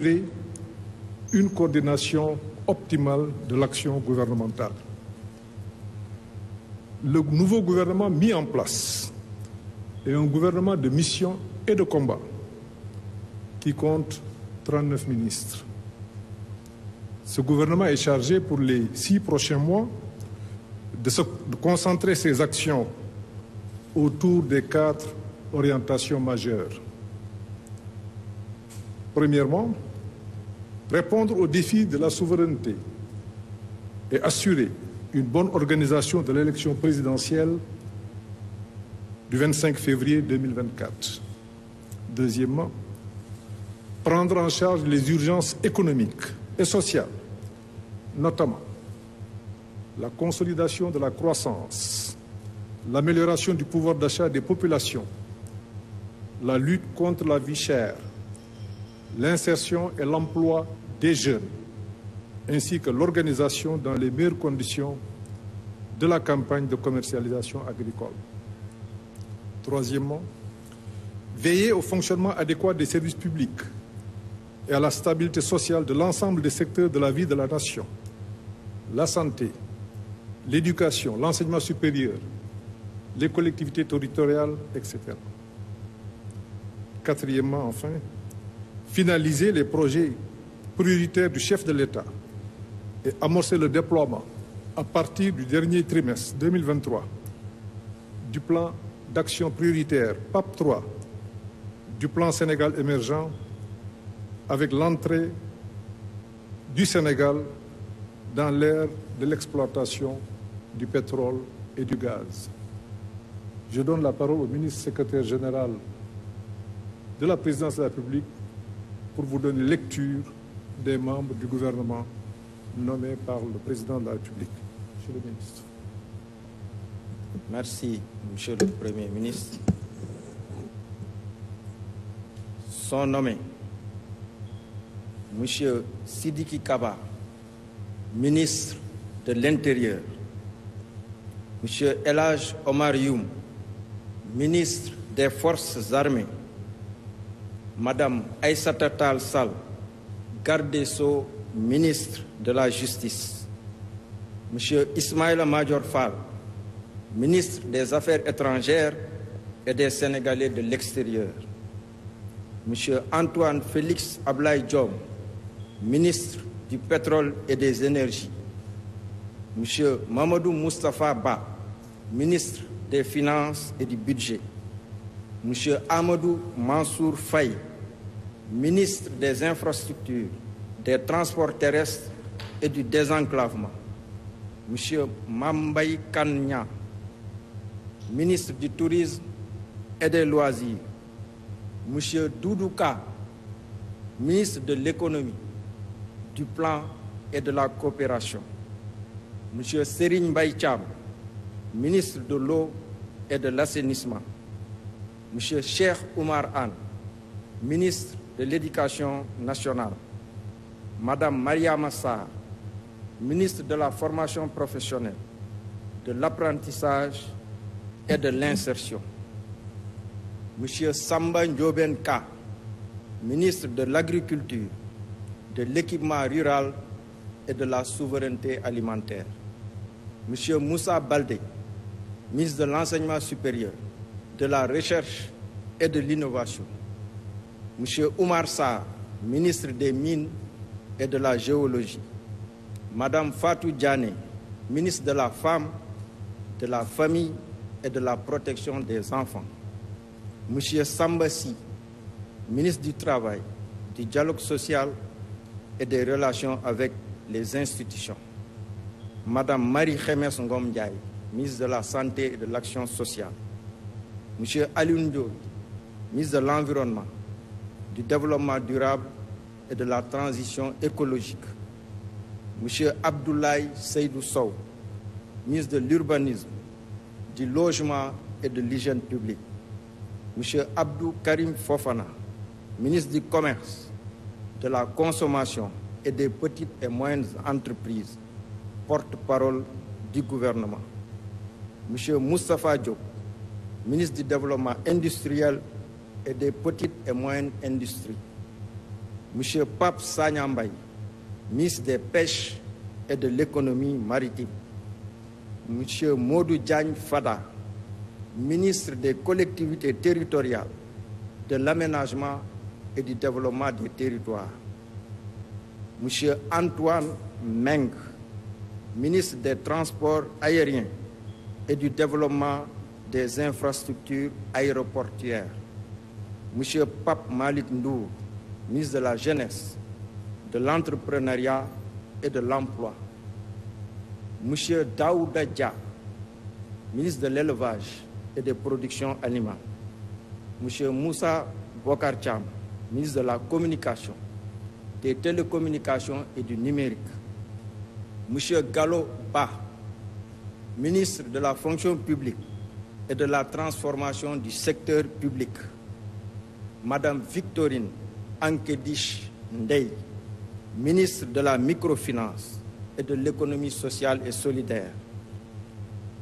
une coordination optimale de l'action gouvernementale. Le nouveau gouvernement mis en place gouvernement de mission et de combat qui compte 39 ministres. Ce gouvernement est chargé pour les six prochains mois de, se, de concentrer ses actions autour des quatre orientations majeures Premièrement, répondre aux défis de la souveraineté et assurer une bonne organisation de l'élection présidentielle du 25 février 2024. Deuxièmement, prendre en charge les urgences économiques et sociales, la consolidation de la croissance, l'amélioration du pouvoir d'achat des populations, la lutte contre la vie chère, l'insertion et l'emploi des jeunes, ainsi que l'organisation dans les meilleures conditions de la campagne de commercialisation agricole. Troisièmement, veiller au fonctionnement adéquat des services publics et à la stabilité sociale de l'ensemble des secteurs de la vie de la nation, la santé, l'éducation, l'enseignement supérieur, les collectivités territoriales, etc. Quatrièmement, enfin, finaliser les projets prioritaires du chef de l'État et amorcer le déploiement à partir du dernier trimestre 2023 du plan d'action prioritaire PAP 3 du plan Sénégal émergent avec l'entrée du Sénégal dans l'ère de l'exploitation du pétrole et du gaz. Je donne la général de la présidence de la pour vous donner lecture des membres du gouvernement nommés par le président de la République. Monsieur le ministre. Merci, Monsieur le Premier ministre. Sont nommés Monsieur Sidiki Kaba, ministre de l'Intérieur, Monsieur Elhaj Omar Youm, ministre des Forces armées, Madame Aïssata Tall Sall, garde ministre de la Justice, Monsieur Ismaïla Madior Fall, ministre des Affaires étrangères et des Sénégalais de l'extérieur, Monsieur Antoine Félix Ablaye Diom, ministre du Pétrole et des Énergies, Monsieur Mamadou Moustapha Ba, ministre des Finances et du Budget. Monsieur Amadou Mansour Faye, ministre des Infrastructures, des Transports terrestres et du Désenclavement. Monsieur Mambay Kanya, ministre du Tourisme et des Loisirs. Monsieur Doudouka, ministre de l'Économie, du Plan et de la Coopération. Monsieur Serigne Baïcham, ministre de l'Eau et de l'Assainissement. Monsieur Cheikh Oumar Anne, ministre de l'Éducation nationale, Madame Maria Massa, ministre de la Formation professionnelle, de l'apprentissage et de l'insertion. Monsieur Samba Ndiobenka, ministre de l'Agriculture, de l'Équipement rural et de la Souveraineté alimentaire. Monsieur Moussa Baldé, ministre de l'Enseignement supérieur, de la recherche et de l'innovation, Monsieur Oumar Sarr, ministre des Mines et de la Géologie, Madame Fatou Diané, ministre de la Femme, de la Famille et de la Protection des Enfants, Monsieur Sambassi, ministre du Travail, du Dialogue Social et des Relations avec les institutions, Madame Marie Khemes Ngom ministre de la Santé et de l'Action Sociale, Monsieur Alioune Ndoye ministre de l'environnement du développement durable et de la transition écologique Monsieur Abdoulaye Seydou Sow ministre de l'urbanisme du logement et de l'hygiène publique Monsieur abdu Karim Fofana ministre du commerce de la consommation et des petites et moyennes entreprises porte-parole du gouvernement Monsieur Moustapha Diop ministre du Développement industriel et des petites et moyennes industries. Monsieur Pape Sanyambay, ministre des Pêches et de l'économie maritime. Monsieur Modou Diagne Fada, ministre des collectivités territoriales, de l'aménagement et du développement des territoires. Monsieur Antoine Meng, ministre des Transports aériens et du développement des infrastructures aéroportuaires, M. Pape Malik Ndour, ministre de la Jeunesse, de l'Entrepreneuriat et de l'Emploi, M. Daouda Dia, ministre de l'Élevage et des Productions Animales, M. Moussa Bokarcham, ministre de la Communication, des Télécommunications et du Numérique, M. Gallo Ba, ministre de la Fonction publique, et de la transformation du secteur public, Madame Victorine Ankedish Ndey, ministre de la microfinance et de l'économie sociale et solidaire,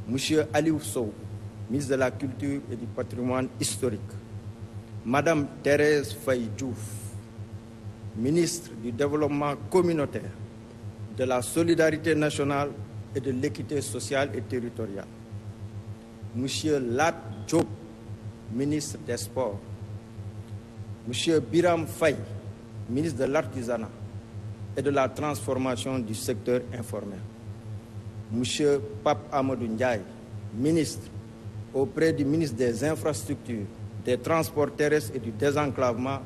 Monsieur Ali Sow, ministre de la Culture et du Patrimoine historique, Madame Thérèse Faye ministre du Développement communautaire, de la Solidarité nationale et de l'équité sociale et territoriale. Monsieur Lat Diop, ministre des Sports, Monsieur Biram Faye, ministre de l'Artisanat et de la Transformation du secteur informel, Monsieur Pape Amadou Ndiaye, ministre auprès du ministre des Infrastructures, des Transports terrestres et du Désenclavement,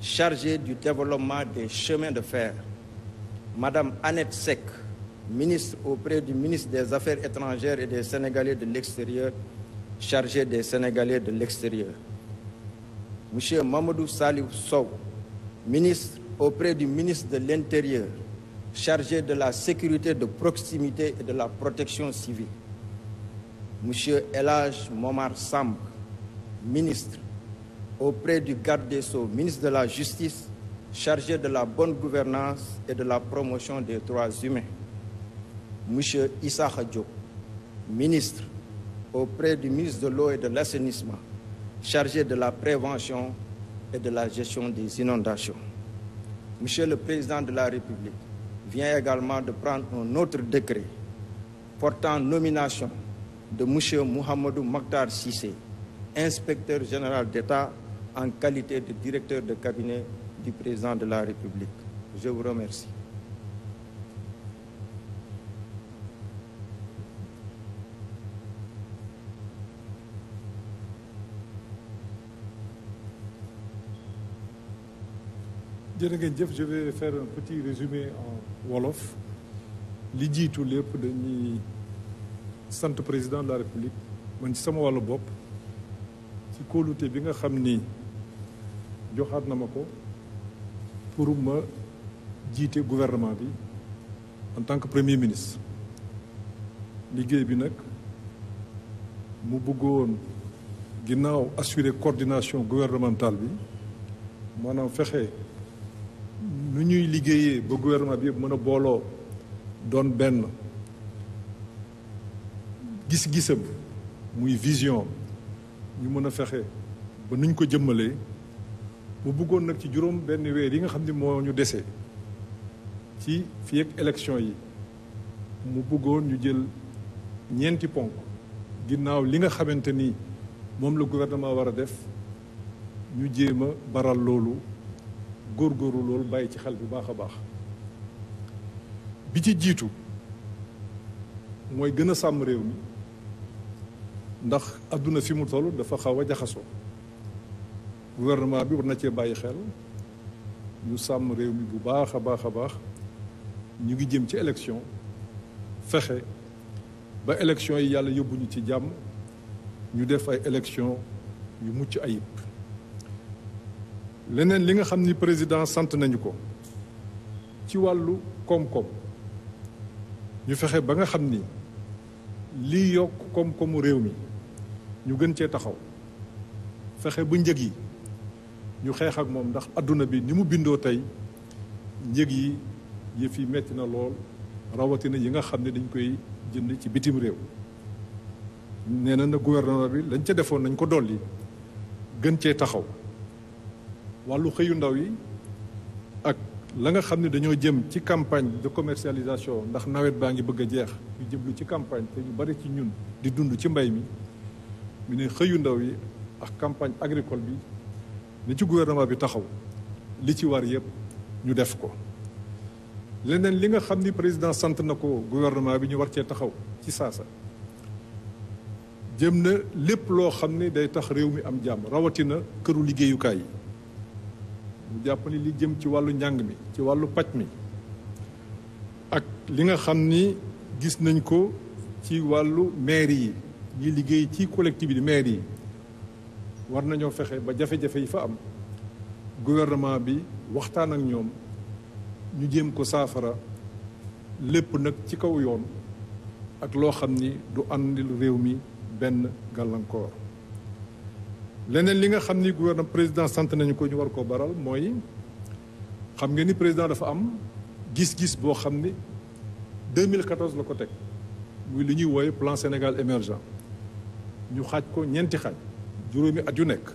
chargé du développement des chemins de fer, Madame Annette sek ministre auprès du ministre des Affaires étrangères et des Sénégalais de l'extérieur, chargé des Sénégalais de l'extérieur. Monsieur Mamadou Salih Sow, ministre auprès du ministre de l'Intérieur, chargé de la sécurité de proximité et de la protection civile. Monsieur Elage Momar Samb, ministre auprès du garde des Sceaux, ministre de la Justice, chargé de la bonne gouvernance et de la promotion des droits humains. monsieur Issakha Diop ministre auprès du ministre de l'eau et de l'assainissement chargé de la prévention et de la gestion des inondations. Monsieur le Président de la République vient également de prendre un autre décret portant nomination de monsieur Mouhamadou Makhtar Sissé, inspecteur général d'État en qualité de directeur de cabinet du Président de la République. Je vous remercie. jërë ngeen jëf je vais faire un petit résumé wolof li jiitu lépp dañuy sant président de la république man ci sama wàllu bopp ci kóolute bi nga xam ni joxaat na ma ko pour ma jiite gouvernement bi en tant que premier ministre liggéey bi nag mu bëggoon ginnaaw assurer coordination gouvernementale bi maanaam fexe nu ñuy liggéeyee ba gouvernement bi yëpp mën a booloo doon benn gis-gisam muy vision ñu mën a fexe ba nuñ ko jëmmalee mu bëggoon nag ci juróom benn weer yi nga xam ni moo ñu desee ci fi ak élection yi mu bëggoon ñu jël ñeenti ponk ginnaaw li nga xamante ni moom la gouvernement war a def ñu jéem a baral loolu góor góoru loolu bàyyi ci xel bu baax a baax bi ci jiitu mooy gën a sàmm réew mi ndax àdduna fi mu toll dafa xaw a jaxasoo gouvernement bi war na cee bàyyi xel ñu sàmm réew mi bu baax a baax a baax ñu ngi jëm ci élection fexe ba élection yi yàlla yóbbuñu ci jàmm ñu def ay élection yu mucc ayib leneen li nga xam ni président sant nañu ko ci wàllu koom-koom ñu fexe ba nga xam ni lii yokk koom-koomu réew mi ñu gën cee taxaw fexe bu njëg yi ñu xeex ak moom ndax àdduna bi ni mu bindoo tey njëg yi yëf yi metti na lool rawatina yi nga xam ne dañ koy jënd ci bitim réew nee na na gouvernement bi lañ ca defoon nañ ko dolli gën cee taxaw wàllu xëyu ndaw yi ak la nga xam ne dañoo jëm ci campagne de commercialisation ndax nawet baa ngi bëgg a jeex ñu jëblu ci campagne te ñu bari ci ñun di dund ci mbay mi mu ne xëyu ndaw yi ak campagne agricole bi ni ci gouvernement bi taxaw li ci war yëpp ñu def ko leneen li nga xam ni président sant na ko gouvernement bi ñu war cee taxaw ci saasa jëm na lépp loo xam ne day tax réew mi am jàmm rawatina këru liggéeyukaay yi ñu jàpp li jëm ci wàllu njàng mi ci wàllu paj mi ak li nga xam ni gis nañ ko ci wàllu maire yi ñi liggéey ci collectivité maire yi war nañoo fexe ba jafe-jafe yi fa am gouvernement bi waxtaan ak ñoom ñu jëm ko saafara lépp nag ci kaw yoon ak loo xam ni du àndil réew mi benn gàllankoor leneen li nga xam ni gouvernement président sant nañu ko ñu war koo baral mooy xam nga ni président dafa am gis-gis boo xam ni 2014 la ko teg muy li ñuy wooye plan Sénégal émergent ñu xaaj ko ñeenti xaaj juróomi at yu nekk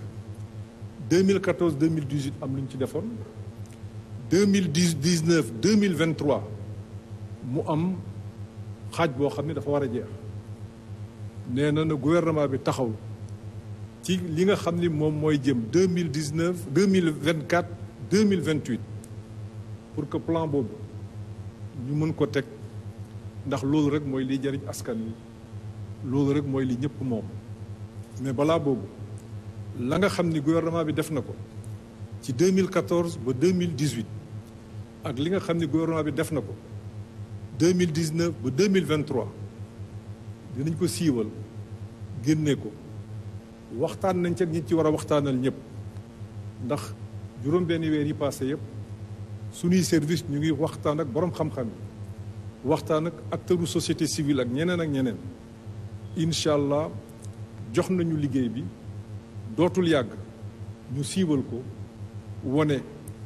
2014 2018 am lu ñu ci defoon 2019 2023 mu am xaaj boo xam ni dafa war a jeex nee na na gouvernement bi taxaw ci li nga xam ni moom mooy jëm mille dix neuf deux mille vingt quatre deux mille vingt huit pour que plan boobu ñu mën ko teg ndax loolu rek mooy lii jëriñ askan wi loolu rek mooy lii ñëpp moom mais balaa boobu la nga xam ni gouvernement bi def na ko ci 2014 ba 2018 ak li nga xam ni gouvernement bi def na ko 2019 ba 2023 dinañ ko siiwal génne ko. waxtaan nañ ci ak ñi ci war a waxtaanal ñëpp ndax juróom benn weer yi passé yëpp suñuy service ñu ngi waxtaan ak borom xam-xam yi waxtaan ak acteuru société civile ak ñeneen ak ñeneen incha allah jox nañu liggéey bi dootul yàgg ñu siiwal ko wane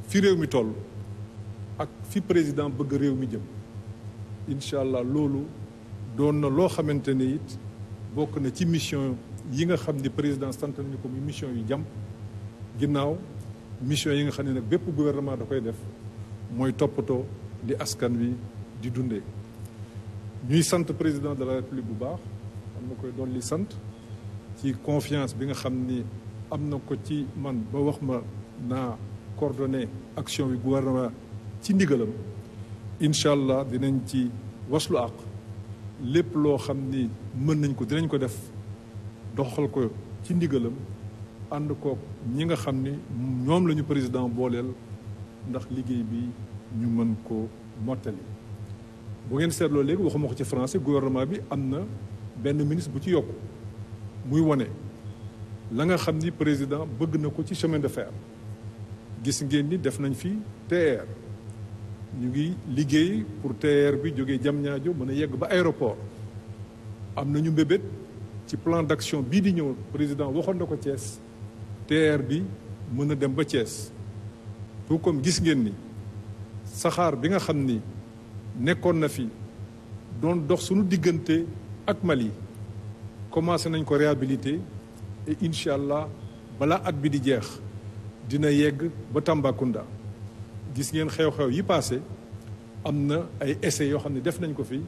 fi réew mi toll ak fi président bëgg réew mi jëm incha allah loolu doon na loo xamante ne bokk na ci mission yi nga xam ne président sant nañu ko muy mission yu jàmm ginnaaw mission yi nga xam ne nag bépp gouvernement da koy def mooy toppatoo li askan wi di dundee ñuy sant président de la république bu baax am na koy doon li sant ci confiance bi nga xam ni am na ko ci man ba wax ma naa coordonné action yu gouvernement ci ndigalam incha allah dinañ ci waslu àq lépp loo xam ni mën nañ ko dinañ ko def doxal ko ci ndigalam ànd kook ñi nga xam ni ñoom lañu président booleel ndax liggéey bi ñu mën ko mottali. bu ngeen seetloo léegi waxuma ko ci français gouvernement bi am na benn ministre bu ci yokk muy wane la nga xam ni président bëgg na ko ci chemin de fer gis ngeen ni def nañ fi TER. ñu ngi liggéey pour TER bi jógee Diamniadio mën a yegg ba aéroport am nañu mbébét ci plan d'action bii di ñëw président waxoon na ko Thiès TER bi mën a dem ba Thiès tout comme gis ngeen ni saxaar bi nga xam ni nekkoon na fi doon dox sunu diggante ak Mali commencé nañ ko réhabiliter et incha allah balaa at bi di jeex dina yegg ba Tambacounda gis ngeen xew-xew yi passé am na ay essais yoo xam ne def nañ ko fi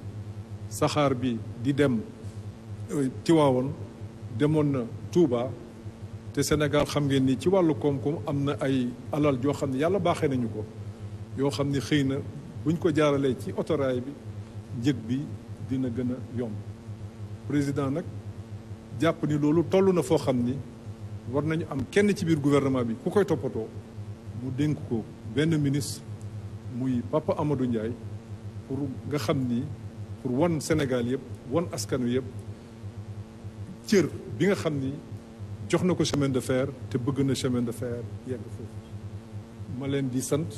saxaar bi di dem euh, Tiwaawoon demoon na Touba te Sénégal xam ngeen ni ci wàllu koom-koom am na ay alal joo xam ne yàlla baaxe nañu ko yoo xam ne xëy na buñ ko jaaralee ci otoraay bi njëg bi dina gën a yomb président nag jàpp ni loolu toll na foo xam ni war nañu am kenn ci biir gouvernement bi ku koy toppatoo mu dénk ko benn ministre muy Papa Amadou Ndiaye pour nga xam ni pour wan Sénégal yëpp wan askanu yëpp cër bi nga xam ni jox na ko chemin de fer te bëgg na chemin de fer yegg foofu ma leen di sant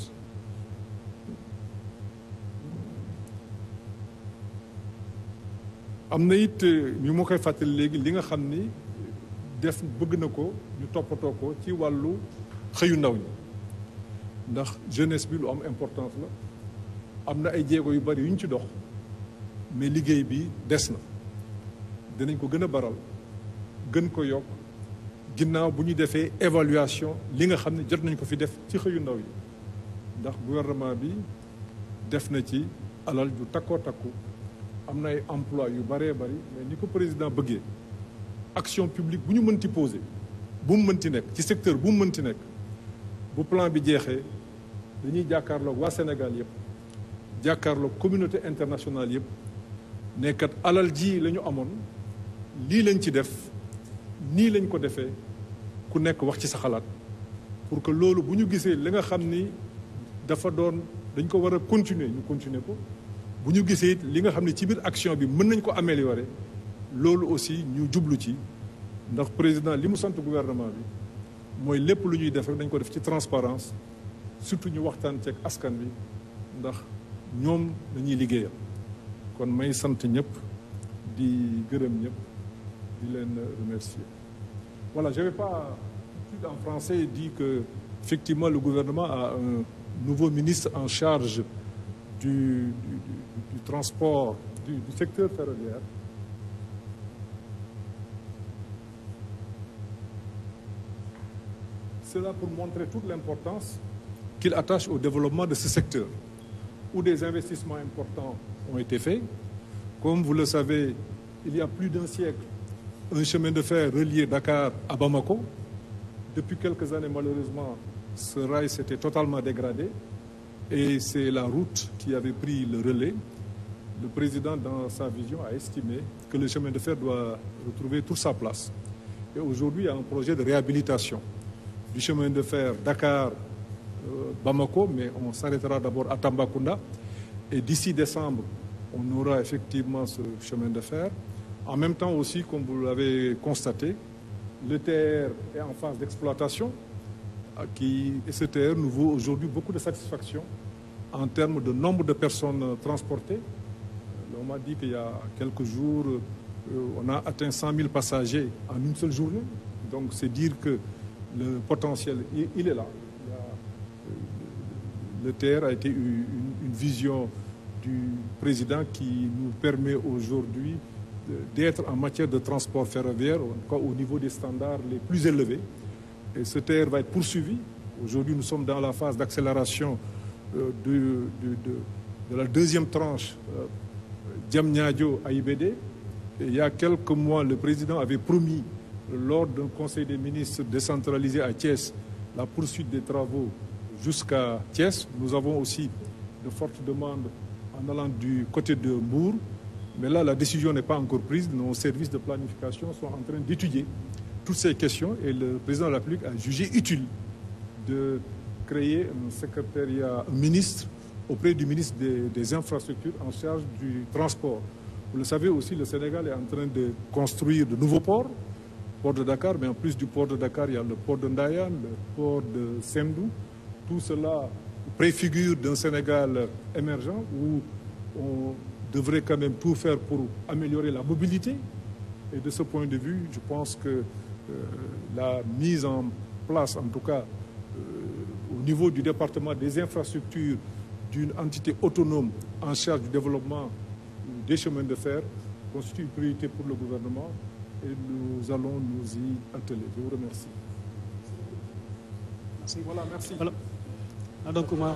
am na it euh, ñu ma koy fàttali léegi li nga xam ni def bëgg na ko ñu toppatoo ko ci wàllu xëyu ndaw ñi ndax jeunesse bi lu am importance la am na ay jéego yu bari yu ñu ci dox mais liggéey bi des na dinañ ko gën a baral gën ko yokk ginnaaw bu ñu defee évaluation li nga xam ne jot nañ ko fi def ci xëyu ndaw yi ndax gouvernement bi def na ci alal ju takkoo takku am na ay emploi yu baree bari mais ni ko président bëggee action publique bu ñu mënti poser bu mu mënti nekk ci secteur bu mu mënti nekk bu plan bi jeexee dañuy jàkkaarloog waa Sénégal yëpp jàkkaarloog communauté internationale yëpp nekkat alal ji la ñu amoon lii lañ ci def nii lañ ko defee ku nekk wax ci sa xalaat pour que loolu bu ñu gisee li nga xam ni dafa doon dañ ko war a continuer ñu continuer ko bu ñu gisee it li nga xam ne ci biir action bi mën nañ ko amee améliorer loolu aussi ñu jublu ci ndax président li mu sant gouvernement bi mooy lépp lu ñuy def dañ ko def ci transparence surtout ñu waxtaan ceeg askan wi ndax ñoom dañuy liggéeya kon may sant ñëpp di gërëm ñëpp di leen remercier voilà je vais pas tout en français dit que effectivement le gouvernement a un nouveau ministre en charge du, du, du, du transport du, du secteur ferroviaire cela pour montrer toute l'importance qu'il attache au développement de ce secteur, où des investissements importants ont été faits. Comme vous le savez, il y a plus d'un siècle, un chemin de fer relié Dakar à Bamako. Depuis quelques années, malheureusement, ce rail s'était totalement dégradé et c'est la route qui avait pris le relais. Le président, dans sa vision, a estimé que le chemin de fer doit retrouver toute sa place. Et aujourd'hui, il y a un projet de réhabilitation du chemin de fer Dakar Euh, Bamako, mais on s'arrêtera d'abord à Tambacounda. Et d'ici décembre, on aura effectivement ce chemin de fer. En même temps aussi, comme vous l'avez constaté, l'ETR est en phase d'exploitation. Euh, qui, et ce TR nous vaut aujourd'hui beaucoup de satisfaction en termes de nombre de personnes transportées. Euh, on m'a dit qu'il y a quelques jours, on a atteint 100 000 passagers en une seule journée. Donc c'est dire que le potentiel, il est là. le TR a été une, une vision du président qui nous permet aujourd'hui d'être en matière de transport ferroviaire, en tout cas au niveau des standards les plus élevés. Et ce TR va être poursuivi. Aujourd'hui, nous sommes dans la phase d'accélération euh, de, de, de, la deuxième tranche euh, Diamniadio à IBD. Et il y a quelques mois, le président avait promis, lors d'un conseil des ministres décentralisé à Thiès, la poursuite des travaux jusqu'à Thiès. Nous avons aussi de fortes demandes en allant du côté de Bourg. Mais là, la décision n'est pas encore prise. Nos services de planification sont en train d'étudier toutes ces questions et le président de la République a jugé utile de créer un secrétariat un ministre auprès des, des, infrastructures en charge du transport. Vous le savez aussi, le Sénégal est en train de construire de nouveaux ports, port de Dakar, mais en plus du port de Dakar, il y a le port de Ndayan, de Sendou, tout cela préfigure d'un Sénégal émergent où on devrait quand même tout faire pour améliorer la mobilité. Et de ce point de vue, je pense que euh, la mise en place, en tout cas euh, au niveau du département des infrastructures, d'une entité autonome en charge du développement des chemins de fer constitue une priorité pour le gouvernement et nous allons nous y atteler. Je vous remercie. Merci. Voilà, merci. Voilà. donc moi.